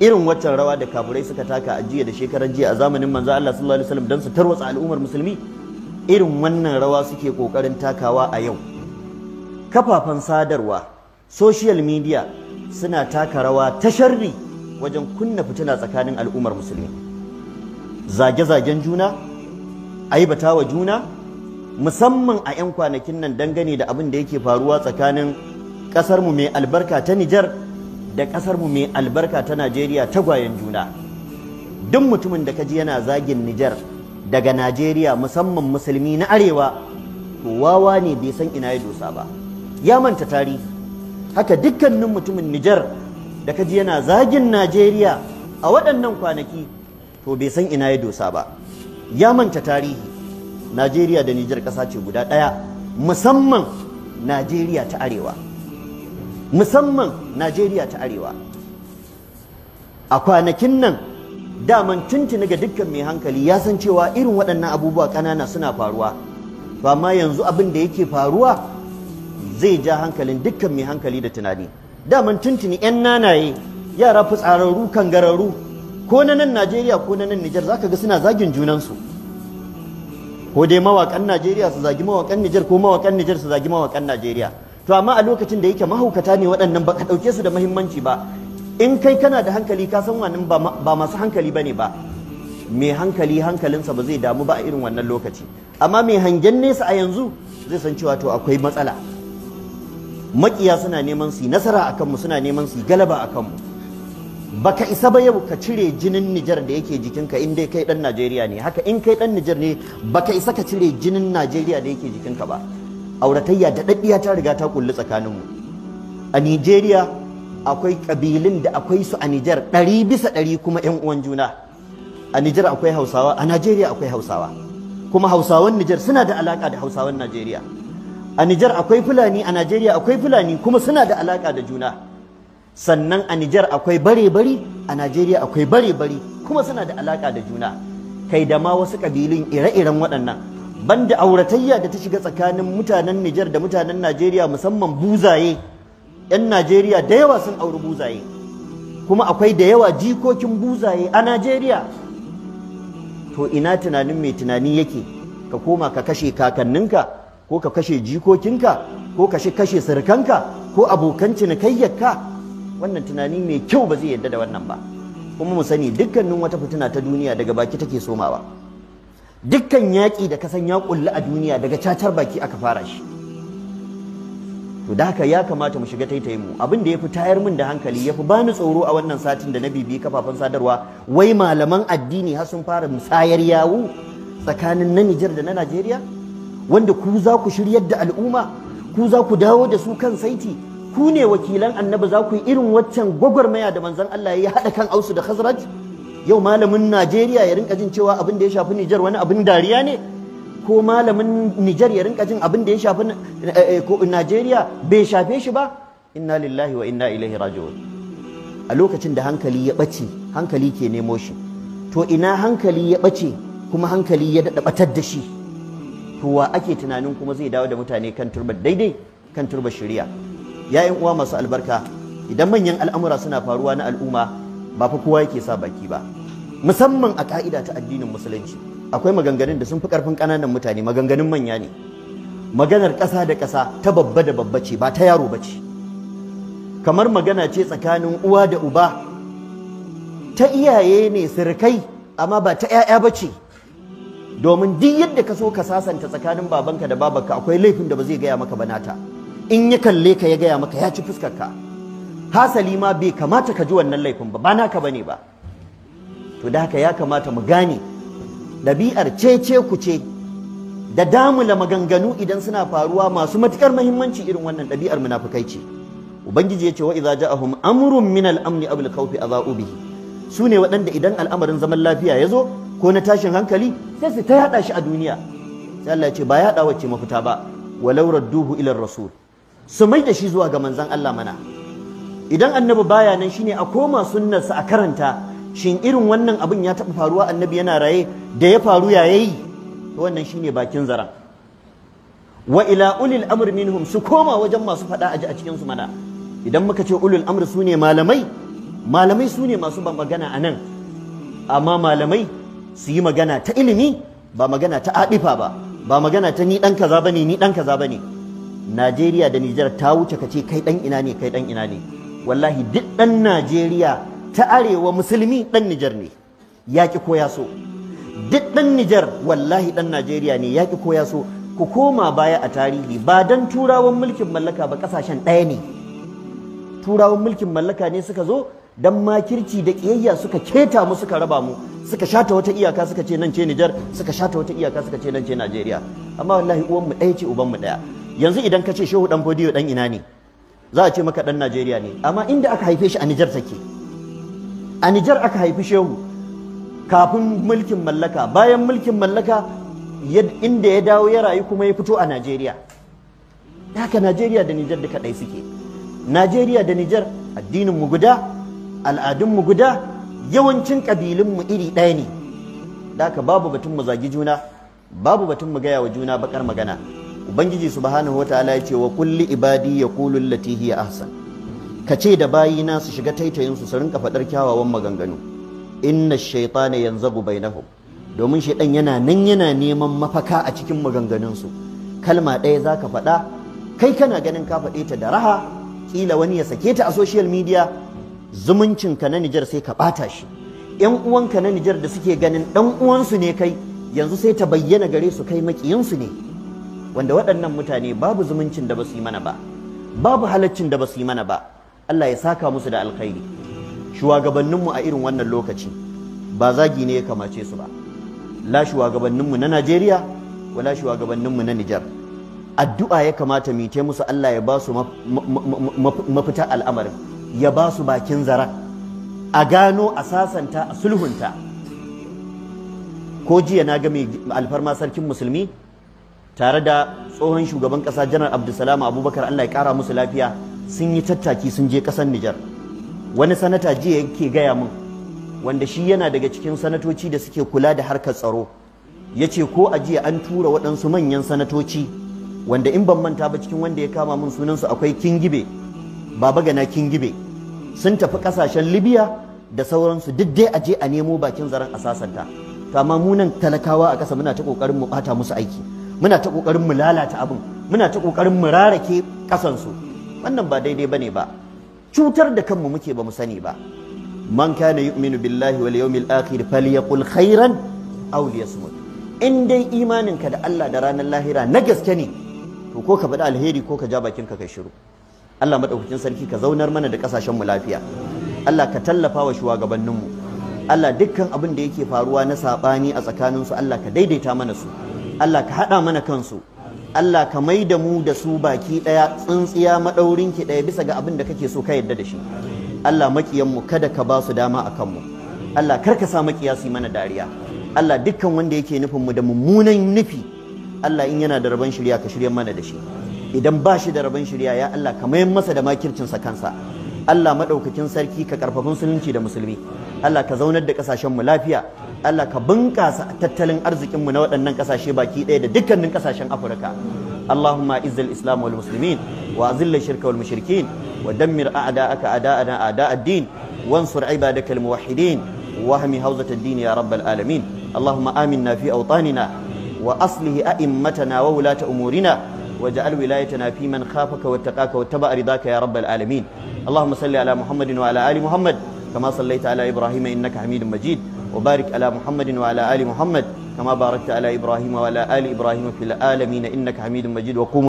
irin waccan rawa da kafirai suka taka a jiya da shekaran jiya a zamanin manzo Allah sallallahu alaihi wasallam don su tarwatsa al'ummar musulmi irin wannan rawa suke kokarin takawa a yau kafafen sadarwa social media suna taka rawa ta sharri wajen kunna fitina tsakanin al'ummar musulmi zage-zagen juna ayi aibatawa juna musamman a 'yan kwanakin nan dangane da abin da yake faruwa tsakanin ƙasarmu mai albarka ta Nijar da ƙasar mu mai albarka ta Najeriya tagwayen juna duk mutumin da ka ji yana zagin Nijar daga Najeriya musamman musulmi na arewa to wawa ne bai san ina ya dosa ba ya manta tarihi haka dukkanin mutumin Nijar da ka ji yana zagin Najeriya a waɗannan kwanaki to bai san ina ya dosa ba ya manta tarihi Najeriya da Nijar ƙasa ce guda ɗaya musamman Najeriya ta arewa musamman Najeriya ta Arewa a kwanakin nan daman tuntuni ga dukkan mai hankali ya san cewa irin waɗannan abubuwa ƙanana suna faruwa to amma yanzu abin da yake faruwa zai ja hankalin dukkan mai hankali da tunani daman tuntuni 'yan nanaye yara fitsararru kangararru ko na nan Najeriya ko na nan Nijar zaka ga suna zagin junansu ko dai mawakan Najeriya su zagi mawakan Nijar ko mawakan Nijar su zagi mawakan Najeriya to amma a lokacin da yake mahaukata ne waɗannan ba ka ɗauke su da mahimmanci ba in kai kana da hankali ka san wannan ba masu hankali bane ba mai hankali hankalinsa ba zai damu ba a irin wannan lokaci amma mai hangen nesa a yanzu zai san cewa to akwai matsala makiya suna neman su nasara a kanmu suna neman su galaba a kanmu baka isa ba yau ka cire jinin Nijar da yake jikinka in dai kai dan Najeriya ne haka in kai dan Nijar ne ba ka isa ka cire jinin Najeriya da yake jikinka ba auratayya da daddiya ta riga ta kulli tsakaninmu a Nigeria akwai kabilun da akwai su a Niger ɗari bisa ɗari kuma ƴan uwan juna a Niger akwai Hausawa a Nigeria akwai Hausawa kuma Hausawan Niger suna da alaka da Hausawan Nigeria a Niger akwai Fulani a Nigeria akwai Fulani kuma suna da alaka da juna sannan a Niger akwai bare-bari a nigeria akwai bare-bari kuma suna da alaka da juna kai da ma wasu kabilun ire-iren waɗannan banda auratayya da ta shiga tsakanin mutanen Nijar da mutanen Najeriya musamman buzaye yan Najeriya da yawa sun auri buzaye kuma akwai da yawa jikokin buzaye a Najeriya to ina tunanin mai tunani yake ka koma ka kashe kakanninka ko ka kashe jikokinka ko ka kashe sirkanka ko abokan cinikayyarka wannan tunani mai kyau ba zai yadda da wannan ba kuma mu sani dukkanin wata fitina ta duniya daga baki take somawa dukkan yaƙi da kasan ya ƙulli a duniya daga cacar baki aka fara shi to da haka ya kamata mu shiga taitaye mu abin da ya fi tayar min da hankali ya fi bani tsoro a wannan satin da na bibi kafafen sadarwa wai malaman addini har sun fara musayar yawo tsakanin na Nijar da na Najeriya wanda ku za ku shiryar da al'umma ku za ku dawo da su kan saiti ku ne wakilan annabi za ku yi irin waccan gwagwarmaya da manzon Allah ya haɗa kan ausu da Khazraj yau malamin Najeriya ya rinka jin cewa abin da ya shafi Nijar wani abin dariya ne ko malamin Nijar ya rinka jin abin da ya shafi eh, eh, Najeriya bai shafe shi ba inna lillahi wa inna ilaihi raji'un a lokacin da hankali ya ɓace, hankali ke nemo shi to ina hankali ya ɓace kuma hankali ya daɗa batar da shi to wa ake tunanin kuma zai dawo da mutane kan turbar daidai kan turbar shirya. ya uwa masu albarka idan manyan al'amura suna faruwa na al'umma ba fa kowa yake sa baki ba musamman a ka'ida ta addinin musulunci akwai maganganun da sun fi karfin ƙananan mutane maganganun manya ne maganar ƙasa da ƙasa ta babba da babba ce ba ta yaro ba ce kamar magana ce tsakanin uwa da uba ta iyaye ne sirkai amma ba ta 'ya'ya ba ce domin duk yadda ka so ka sasanta tsakanin babanka da babanka akwai laifin da ba zai gaya maka ba nata in ya kalle ka ya gaya maka ya ci fuskarka hasali ma bai kamata ka ji wannan laifin ba ba naka ne ba to da haka ya kamata mu gane ɗabi'ar cece ku ce da damula maganganu idan suna faruwa masu matukar mahimmanci irin wannan ɗabi'ar munafukai ce ubangiji ya ce wa idza ja'ahum amrun min al-amn aw al-khawf adha'u bihi sune waɗanda idan al'amarin zaman lafiya ya zo ko na tashin hankali sai su ta yada shi a duniya sai Allah ya ce ba yada wacce mafita ba walau radduhu ila rasul su mai da shi zuwa ga manzon Allah mana idan annabi baya nan shine a koma sunnarsa a karanta shin irin wannan abin ya taɓa faruwa annabi yana raye da ya faru ya yayi wannan shine bakin zara. wa ila ulil amr minhum su koma wajen masu faɗa aji a cikin su mana idan muka ce Ulil amr su ne malamai malamai su ne masu ban magana a nan amma malamai su yi magana ta ilimi ba magana ta adifa ba ba magana ta ni dan kaza bane ni dan kaza bane Najeriya da Nijar ta wuce ka ce kai dan ina ne kai dan ina ne wallahi duk dan Najeriya ta arewa musulmi ɗan Nijar ne ya ki koya so duk ɗan Nijar wallahi ɗan Najeriya ne ya ki koya so ku koma baya a tarihi ba don turawan mulkin mallaka ba ƙasashen ɗaya ne turawan mulkin mallaka ne suka zo don makirci da ƙiyayya suka keta mu suka raba mu suka shata wata iyaka suka ce nan ce Nijar suka shata wata iyaka suka ce nan ce Najeriya amma wallahi uwanmu ɗaya ce ubanmu ɗaya yanzu idan ka ce shehu dan fodiyo dan ina ne za a ce maka ɗan Najeriya ne amma inda aka haife shi a Nijar take a Nijar aka haifi shehu kafin mulkin mallaka bayan mulkin mallaka inda ya dawo ya rayu kuma ya fito a Najeriya haka Najeriya da Nijar duka ɗai suke Najeriya da Nijar addinin mu guda al'adun mu guda yawancin ƙabilun mu iri ɗaya ne haka babu batun mu zagi juna babu batun mu gaya wa juna bakar magana ubangiji subhanahu ta'ala ya ce wa kulli ibadi yaqulu allati hiya ahsan ka ce da bayina su shiga taitayinsu su rinka faɗar kyawawan maganganu inna shaitana yanzabu bainahum domin shaitan yana nan yana neman mafaka a cikin maganganunsu kalma ɗaya za ka faɗa kai kana ganin ka faɗe ta da raha kila wani ya sake ta a social media zumuncinka na Nijar sai ka ɓata shi ‘yan uwanka na Nijar da suke ganin ɗan uwansu ne kai yanzu sai ta bayyana gare su kai maƙiyansu ne wanda waɗannan mutane babu zumuncin da ba su yi mana ba babu halaccin da ba su yi mana ba Allah ya saka musu da alkhairi shugabanninmu a irin wannan lokaci ba zagi ne ya kamace su ba la shugabanninmu na Najeriya wala shugabanninmu na Nijar addu'a ya kamata mu ta musu Allah ya ba su mafita al'amarin ya ba su bakin zara a gano a sasanta a sulhunta ko jiya na ga mai alfarma sarkin musulmi tare da tsohon shugaban ƙasa janar abdulsalam abubakar allah ya kara musu lafiya sun yi tattaki sun je ƙasar Nijar wani sanata jiya yake gaya min wanda shi yana daga cikin sanatoci da suke kula da harkar tsaro ya ce ko a jiya an tura waɗansu manyan sanatoci wanda in ban manta ba cikin wanda ya kama min sunansu akwai kingibe baba gana kingibe sun tafi ƙasashen libya da sauransu duk dai a je a nemo bakin zaren a sasanta to amma mu nan talakawa a ƙasa muna ta ƙoƙarin mu ɓata musu aiki muna ta ƙoƙarin mu lalata abin muna ta ƙoƙarin mu rarake ƙasansu wannan ba daidai bane ba cutar da kanmu muke ba mu sani ba man kana yu'minu billahi wal yawmil akhir falyaqul khairan aw liyasmut in dai imaninka da Allah da ranar lahira na gaske ne to ko ka faɗi alheri ko ka ja bakinka ka shiru Allah madaukakin sarki ka zaunar mana da kasashen mu lafiya Allah ka tallafa wa shugabanninmu Allah dukkan abin da yake faruwa na sabani a tsakaninsu Allah ka daidaita mana su Allah ka haɗa mana kansu Allah ka mai da mu da su baki ɗaya tsintsiya maɗaurinki ɗaya bisa ga abin da kake so ka yarda da shi Allah makiyanmu kada ka ba su dama a kanmu Allah kar ka sa makiya su yi mana dariya Allah dukkan wanda yake nufin mu da mummunan nufi Allah in yana da rabon shirya ka shirya mana da shi idan ba shi da rabon shirya ya Allah ka mayan masa da makircinsa kansa Allah maɗaukakin sarki ka ƙarfafin musulunci da musulmi Allah ka zaunar da kasashen mu lafiya Allah ka bunƙasa tattalin arzikin mu na waɗannan kasashe baki ɗaya da dukkanin kasashen Afirka Allahumma izzil islam wal muslimin wa azil shirka wal mushrikin wa dammir a'da'aka a'da'ana a'da'ad-din wansur ibadaka al muwahhidin wahmi hawzat ad-din ya rabbal alamin Allahumma aminna fi awtanina وأصله أئمتنا وولاة أمورنا واجعل ولايتنا في من خافك واتقاك واتبع رضاك يا رب العالمين اللهم صل على محمد وعلى آل محمد كما صليت على إبراهيم إنك حميد مجيد وبارك على محمد وعلى آل محمد كما باركت على إبراهيم وعلى آل إبراهيم في العالمين إنك حميد مجيد وقوم